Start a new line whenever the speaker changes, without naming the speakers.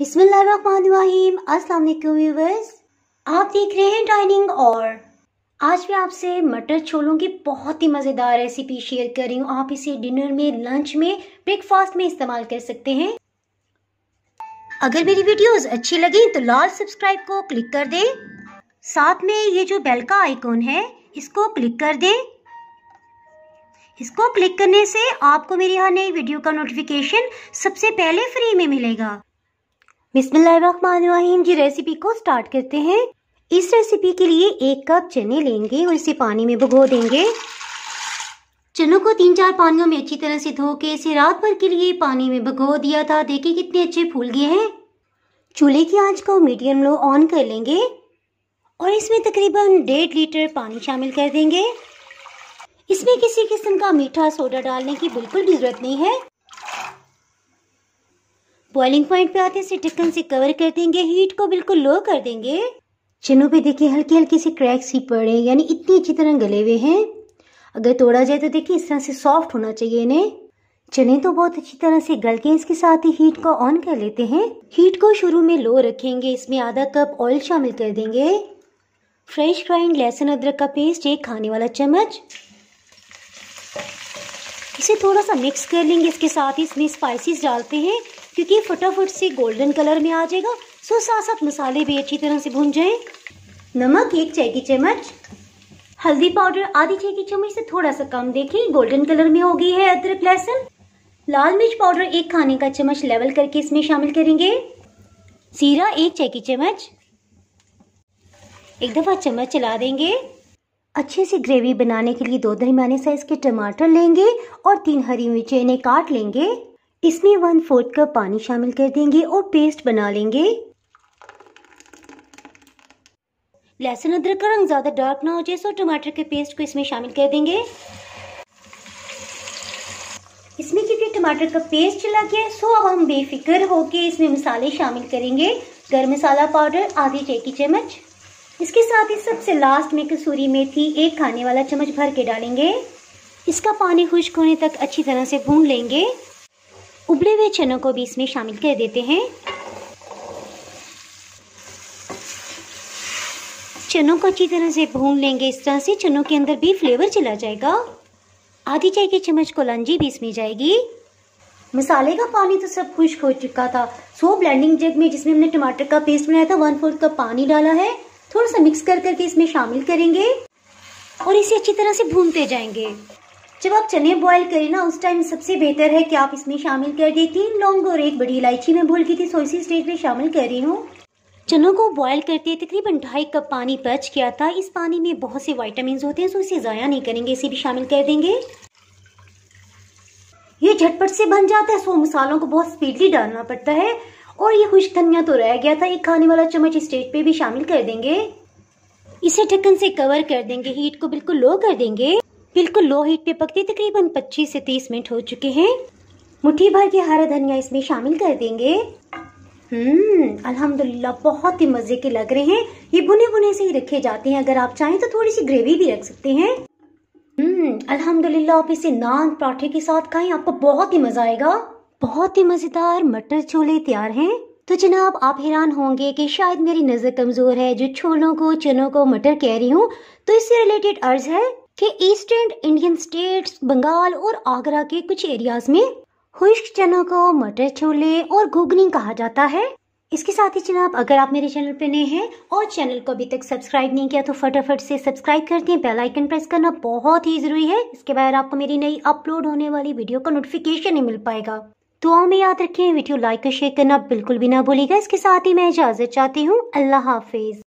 बिस्मिल्लाहिर्रहमानिर्रहीम अस्सलाम वालेकुम व्यूवर्स आप देख रहे हैं डाइनिंग और आज मैं आपसे मटर छोलों की बहुत ही मज़ेदार रेसिपी शेयर कर रही हूँ आप इसे डिनर में लंच में ब्रेकफास्ट में इस्तेमाल कर सकते हैं अगर मेरी वीडियोस अच्छी लगी तो लाल सब्सक्राइब को क्लिक कर दें साथ में ये जो बेल का आइकॉन है इसको क्लिक कर दें इसको क्लिक करने से आपको मेरी हर नई वीडियो का नोटिफिकेशन सबसे पहले फ्री में मिलेगा बिस्मिल्लाहिर्रहमानिर्रहीम जी रेसिपी को स्टार्ट करते हैं इस रेसिपी के लिए एक कप चने लेंगे और इसे पानी में भगो देंगे चनों को तीन चार पानियों में अच्छी तरह से धो के इसे रात भर के लिए पानी में भगो दिया था देखिए कितने अच्छे फूल गए हैं चूल्हे की आंच को मीडियम लो ऑन कर लेंगे और इसमें तकरीबन डेढ़ लीटर पानी शामिल कर देंगे इसमें किसी किस्म का मीठा सोडा डालने की बिल्कुल भी जरूरत नहीं है बॉइलिंग पॉइंट पे आते हैं इसे ढक्कन से कवर कर देंगे हीट को बिल्कुल लो कर देंगे चनों पे देखिए हल्के हल्के से क्रैक्स ही पड़े यानी इतनी अच्छी तरह गले हुए हैं अगर तोड़ा जाए तो देखिए इस तरह से सॉफ्ट होना चाहिए इन्हें चने तो बहुत अच्छी तरह से गल के इसके साथ ही हीट को ऑन कर लेते हैं हीट को शुरू में लो रखेंगे इसमें आधा कप ऑयल शामिल कर देंगे फ्रेश ग्राइंड लहसुन अदरक का पेस्ट एक खाने वाला चम्मच इसे थोड़ा सा मिक्स कर लेंगे इसके साथ ही इसमें स्पाइसेस डालते हैं क्योंकि फटाफट से गोल्डन कलर में आ जाएगा सो साथ साथ मसाले भी अच्छी तरह से भून जाएं नमक एक चाय की चम्मच हल्दी पाउडर आधी चाय की चम्मच से थोड़ा सा कम देखिए गोल्डन कलर में हो गई है अदरक लहसुन लाल मिर्च पाउडर एक खाने का चम्मच लेवल करके इसमें शामिल करेंगे सीरा एक चाय की चम्मच एक दफ़ा चम्मच चला देंगे अच्छे से ग्रेवी बनाने के लिए दो दरमियाने साइज के टमाटर लेंगे और तीन हरी मिर्चें इन्हें काट लेंगे इसमें वन फोर्थ कप पानी शामिल कर देंगे और पेस्ट बना लेंगे लहसुन अदरक का रंग ज़्यादा डार्क ना हो जाए सो टमाटर के पेस्ट को इसमें शामिल कर देंगे इसमें क्योंकि टमाटर का पेस्ट चला गया सो अब हम बेफिक्र होके इसमें मसाले शामिल करेंगे गर्म मसाला पाउडर आधी चाय की चम्मच इसके साथ ही सबसे लास्ट में कसूरी मेथी एक खाने वाला चम्मच भर के डालेंगे इसका पानी खुश्क होने तक अच्छी तरह से भून लेंगे उबले हुए चनों को भी इसमें शामिल कर देते हैं चनों को अच्छी तरह से भून लेंगे इस तरह से चनों के अंदर भी फ्लेवर चला जाएगा आधी चाय के चम्मच कोलंजी भी इसमें जाएगी मसाले का पानी तो सब खुश्क हो चुका था सो ब्लेंडिंग जग में जिसमें हमने टमाटर का पेस्ट बनाया था वन फोर्थ कप पानी डाला है थोड़ा सा मिक्स कर करके इसमें शामिल करेंगे और इसे अच्छी तरह से भूनते जाएंगे जब आप चने बॉईल करें ना उस टाइम सबसे बेहतर है कि आप इसमें शामिल कर दें तीन लौंग और एक बड़ी इलायची मैं भूल गई थी सो इसी स्टेज में शामिल कर रही हूँ चनों को बॉईल करते तकरीबन ढाई कप पानी बच गया था इस पानी में बहुत से वाइटामिन होते हैं सो इसे ज़ाया नहीं करेंगे इसे भी शामिल कर देंगे ये झटपट से बन जाता है सो मसालों को बहुत स्पीडली डालना पड़ता है और ये खुश धनिया तो रह गया था एक खाने वाला चम्मच स्टेज पे भी शामिल कर देंगे इसे ढक्कन से कवर कर देंगे हीट को बिल्कुल लो कर देंगे बिल्कुल लो हीट पे पकते तकरीबन 25 से 30 मिनट हो चुके हैं मुट्ठी भर के हरा धनिया इसमें शामिल कर देंगे हम्म अल्हम्दुलिल्लाह बहुत ही मजे के लग रहे हैं ये बुने बुने से ही रखे जाते हैं अगर आप चाहें तो थोड़ी सी ग्रेवी भी रख सकते हैं हम्म अल्हम्दुलिल्लाह आप इसे नान पराठे के साथ खाएं आपको बहुत ही मजा आएगा बहुत ही मजेदार मटर छोले तैयार हैं तो जनाब आप हैरान होंगे कि शायद मेरी नज़र कमज़ोर है जो छोलों को चनों को मटर कह रही हूँ तो इससे रिलेटेड अर्ज है कि ईस्टर्न इंडियन स्टेट्स बंगाल और आगरा के कुछ एरियाज में खुश्क चनों को मटर छोले और घुगनी कहा जाता है इसके साथ ही जनाब अगर आप मेरे चैनल पर नए हैं और चैनल को अभी तक सब्सक्राइब नहीं किया तो फटाफट से सब्सक्राइब कर दें बेल आइकन प्रेस करना बहुत ही ज़रूरी है इसके बाद आपको मेरी नई अपलोड होने वाली वीडियो का नोटिफिकेशन नहीं मिल पाएगा तो में याद रखें वीडियो लाइक और शेयर करना बिल्कुल भी ना भूलिएगा इसके साथ ही मैं इजाज़त चाहती हूँ अल्लाह हाफिज़